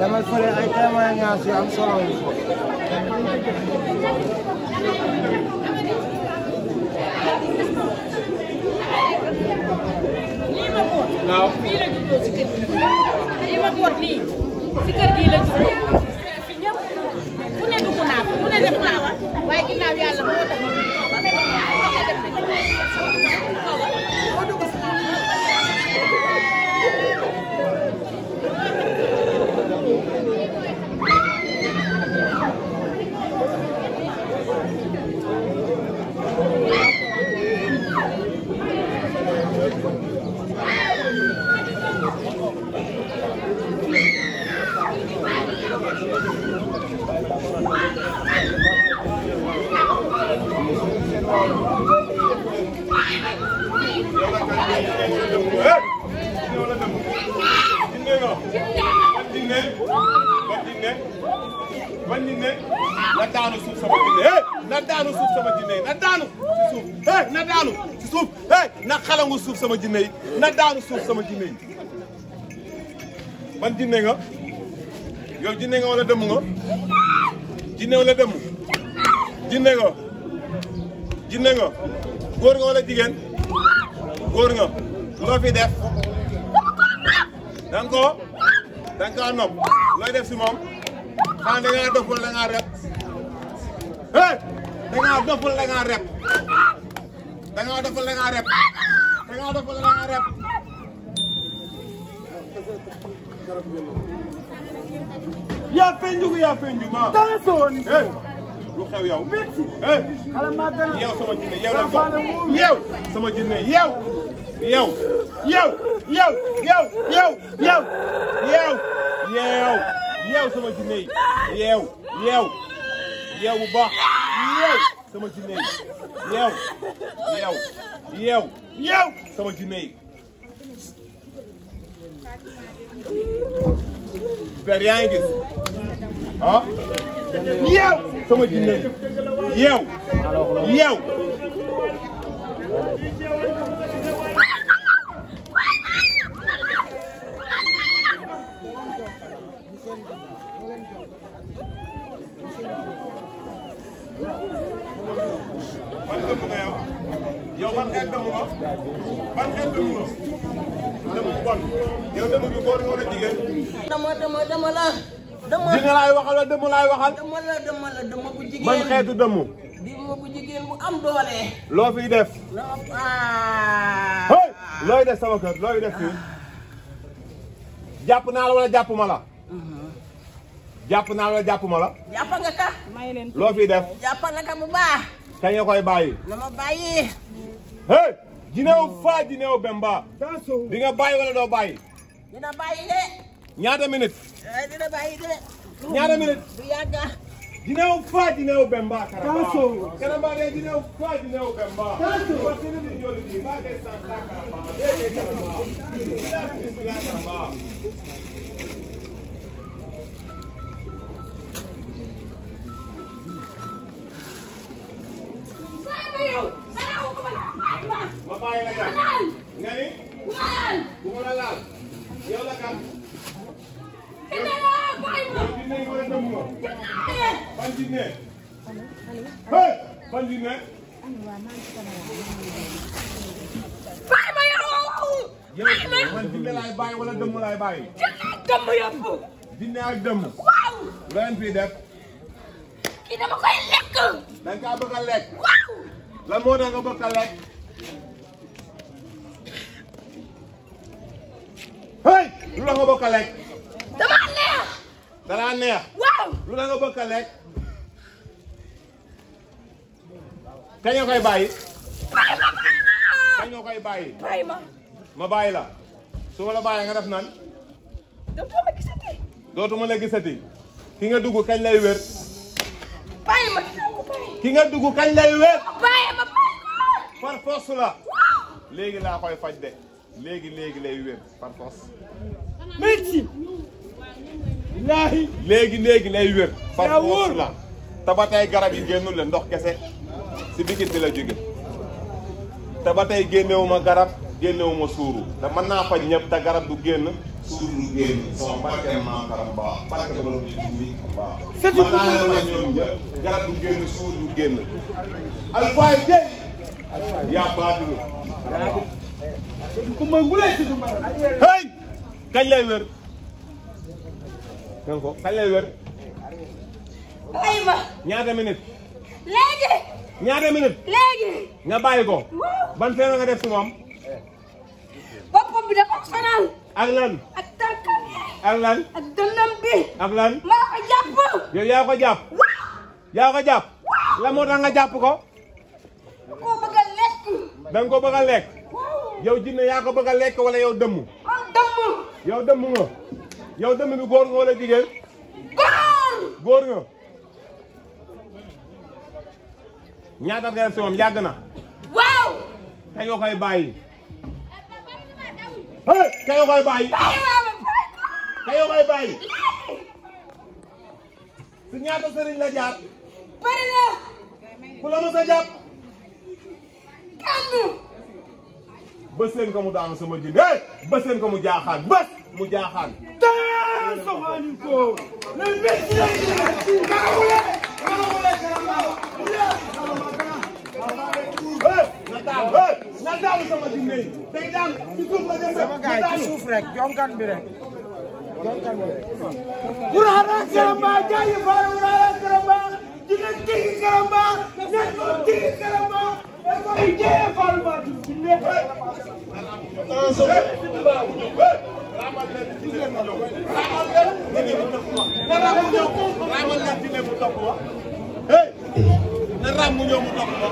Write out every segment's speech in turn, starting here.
dama fële ay témoignage yu am solo lii ma boot. waaw fii la juddoo si kër gi. lii ma boot nii si kër gi la juddoo. na daanu suuf sama jinne na daanu suuf sama jinne na daanu si suuf na daanu si suuf na xalangu suuf sama jinne na daanu suuf sama jinne ban jinne nga yow jinne nga wala dëmm nga jinne wala dëmm jinne nga jinne nga góor nga wala jigéen góor nga loo fi def danga danga kaa nopp looy def si moom xanaa da ngaa dof rep hey da ngaa dof rep da ngaa dof rep yaa feeñ jugu yaa feeñ jugu maa. daa sowoon. lu xew yow. merci. xale maa gën a. yow sama jinne yow la soxla yow. sama jinne yow. yow. yow. yow. yow. yow. yow. yow. yow. yow sama jinne yi. yow. yow. yow bu baax. yow. sama jinne yi. yow. yow. yow. yow. sama jinne yi. père yaa ngi gis ah yow sama jinne yow yow yow ban xeet gëmu ma ban xeet gëmu ma dama bon yow dama bi góor wala jigéen. dama dama dama la. dama la laay waxal la bu jigéen man xeetu dama. di bu jigéen bu am doole. loo fiy def. loo ah. looy def sama kër looy def fii. jàpp naa la wala jàpp ma la. Mm-hmm. jàpp naa la wala jàpp ma la. jàpp nga ka. may loo fiy def. jàpp na ka bu baax. kañ koy bàyyi. na bàyyi. hey. Jinew Fa Jinew Bemba. di nga bàyyi wala doo bàyyi. dina bàyyi de. Eh, de. ñaata minute. bu yàgg. Jinew Fa Jinew Bemba. Karamba Karamba de Jinew Fa Jinew Bemba. parce que ni bi man dina laay bàyyi wala dëmm laay bàyyi. dina ak dëmm yëpp. dina ak dëmm. waaw. ren fii def. kii dama koy lekk. da nga kaa bëgg a lekk. waaw. lan moo tax nga bëgg a lekk. hey. lu la nga bëgg a lekk. dama neex. dala neex. waaw. lu la nga bëgg a lekk. kañ nga koy bàyyi. bàyyi ma bàyyi ma. kañ nga koy bàyyi. bàyyi ma. ma bàyyi la. su ma la bàyyee nga def naan. dootuma la gisati. dootuma la gisati. ki nga dugg kañ lay wér. ki nga dugg kañ lay wér. bàyyi la. léegi laa koy faj de. léegi léegi lay wér par force. merci. léegi léegi lay wér. par la. te garab yi génnul ndox kese. si bikit di la jóge. te ba tey génnewuma garab. génnewuma suuru te mën naa faj ñëpp te garab du génn suuru du génn sama barke maam karam baax barke borom bi bi baax mën naa leen faj ñoom ñëpp garab du génn suuru du génn alfaay jëy yaa baatulu kumba ngulay hey kañ lay wér nan ko kañ lay wér bàyyi ma ñaata minute léegi ñaata minute léegi nga bàyyi ko ban feebar nga def si moom bopp bi dafa sonal. ak lan. ak lan. ak lan. maa ko jàpp. yow yaa ko jàpp. yaa ko jàpp. la moo tax nga ko. da a lekk. da nga koo lekk. yow jinne yaa ko lekk wala yow dëmm. man dëmm. yow dëmm nga. yow dëmm bi góor nga wala jigéen. góor. nga. ñaata nga si moom yàgg na. waaw. te yoo kayo koy bàyyi kayo koy bàyyi si ñaata sëriñ la jaar bari na ku la mës a jàpp kenn bës leen ko mu daanu sama jin hey bës leen ko mu jaaxaan bës mu jaaxaan taa soxaani ko daal na sama dimbali day daal suuf rek na daal ci suuf rek jonkan bi rek jonkan bi wurara karamba jaayi faara wurara karamba dina tigi karamba na ko tigi karamba e ko jaayi faara ba tu dinde en so na topp ko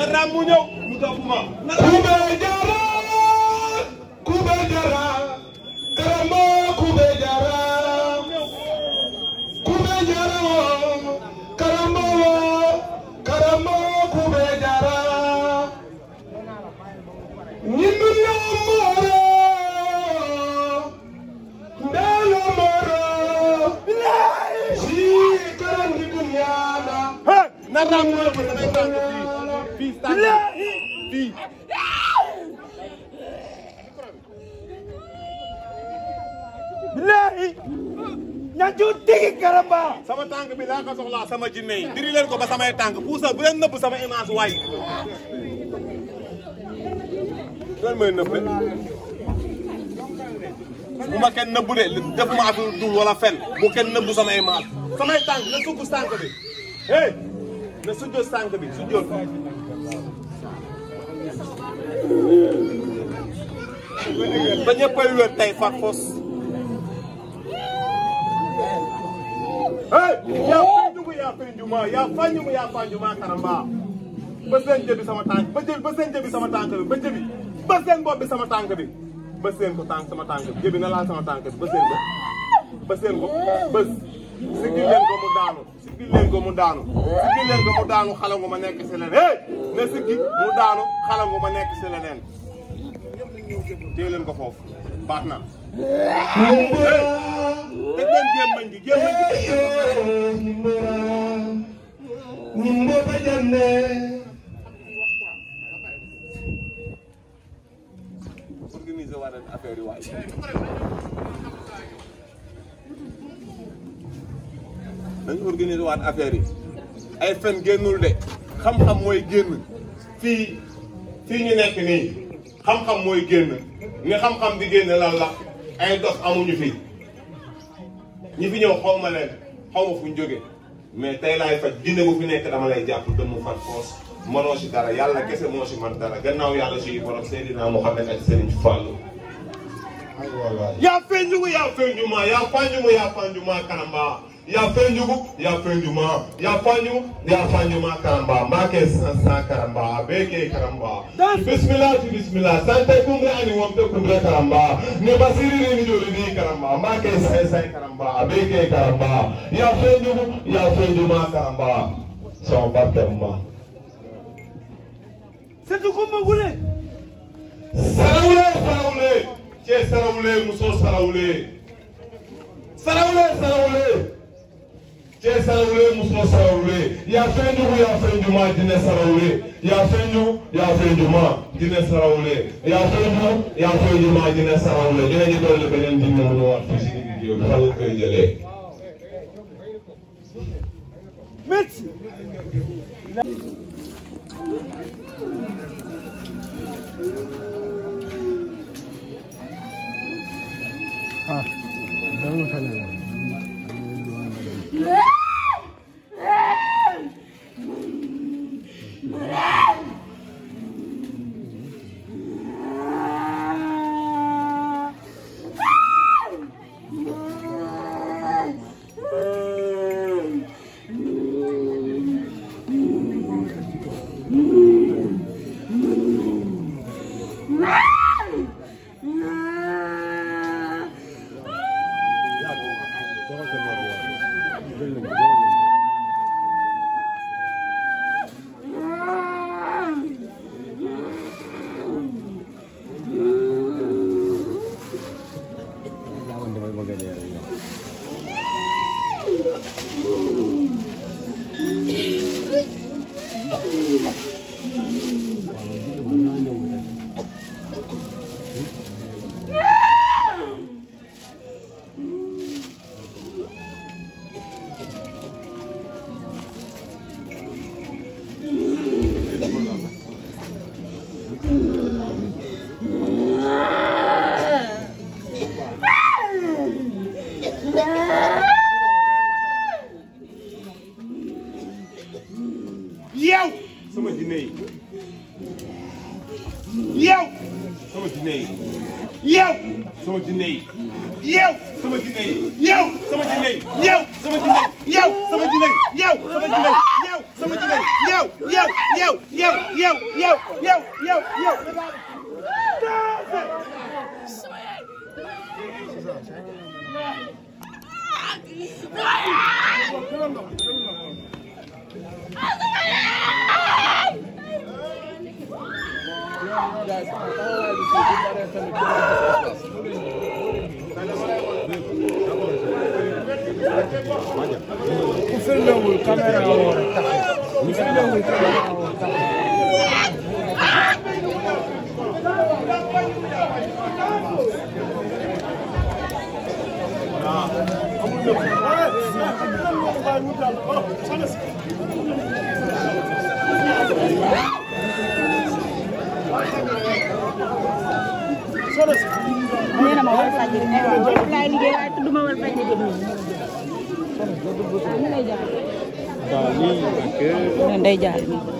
na raam mu ñëw ñu topp ma. Koubé Diarra Koubé Diarra ju digi karamba sama tànk bi laa ko soxlaa sama jinne yi diri leen ko ba samay tànk puusa bu leen nëbb sama image waay lan mooy nëbb bu ma kenn de def ma dul wala fen bu kenn nëbb sama image samay tànk na sugg tànk bi hey na sujjoot tànk bi sujjoot ba ñëppay wér tey far yaa fañjugu yaa fañjuma yaa fañjugu yaa fañjuma karamba ba seen jëbi sama tànk ba jëbi ba seen jëbi sama tànk bi ba jëbi ba seen bopp bi sama tànk bi ba seen ko tànk sama tànk bi jëbi na laal sama tànk bi ba seen ko ba seen ko bës sigil leen ko mu daanu sigil leen ko mu daanu sigil leen ko mu daanu xalangu ma nekk si leneen ne sigil mu daanu xalangu ma nekk si leneen téye leen ko foofu baax na. te dem gémmañ gi gémmañ gi organiser waral affaire yi waay. dañu waat affaire yi ay fen génnul de xam-xam mooy génn fii fii ñu nekk nii. xam-xam mooy génn ni xam-xam di génn lan la ay dox amuñu fi ñi fi ñëw xaw ma leen xaw ma fuñ jóge mais tey laay faj dina bu fi nekk dama lay jàpp dëmm fat foos mënoo si dara yàlla kese moo si man dara gannaaw yàlla si borom Seydina Muhammad ak Serigne Fallou ay wala yaa feeñu yaa feeñu ma yaa fanju ma yaa fanju ma Karamba ya fenjugu ya fenjuma ya fanyu ya fanyuma karamba make sansa karamba beke karamba bismillah tu bismillah sante kumre ani wamte kumre karamba ne basiri ni jori ni karamba make sai sai karamba beke karamba ya fenjugu ya fenjuma karamba so barkemma setu kuma gule sarawule sarawule ce sarawule muso sarawule sarawule sarawule sarawule muso sarawule yaa fɛn jugu yaa fɛn ɲuman dinɛ sarawule yaa fɛn jugu yaa fɛn ɲuman dinɛ sarawule yaa fɛn jugu yaa fɛn ɲuman dinɛ sarawule dinɛ ɲɛ dɔ de bɛ ne dinɛ mun wa fisi ni bi o falo bɛ yɛlɛ. Ah, don't look at me. yow. sama jinne yi. yow. sama jinne yi. yow. sama jinne yi. yow. sama jinne yi. yow. sama jinne yi. yow. sama jinne yi. yow. sama jinne yi. yow. sama jinne yi. yow. sama jinne yi. yow. yow. yow. yow. yow. yow. yow. yow. yow. No! taxawaay taxawaay bi fii bu bare tamit ku firndewul caméra woo rek taxaw ku firndewul caméra woo taxaw Thank you. nee na ma war a faj ay waaw loolu laay liggéey waaye tudd ma war a faj ne jëm nii.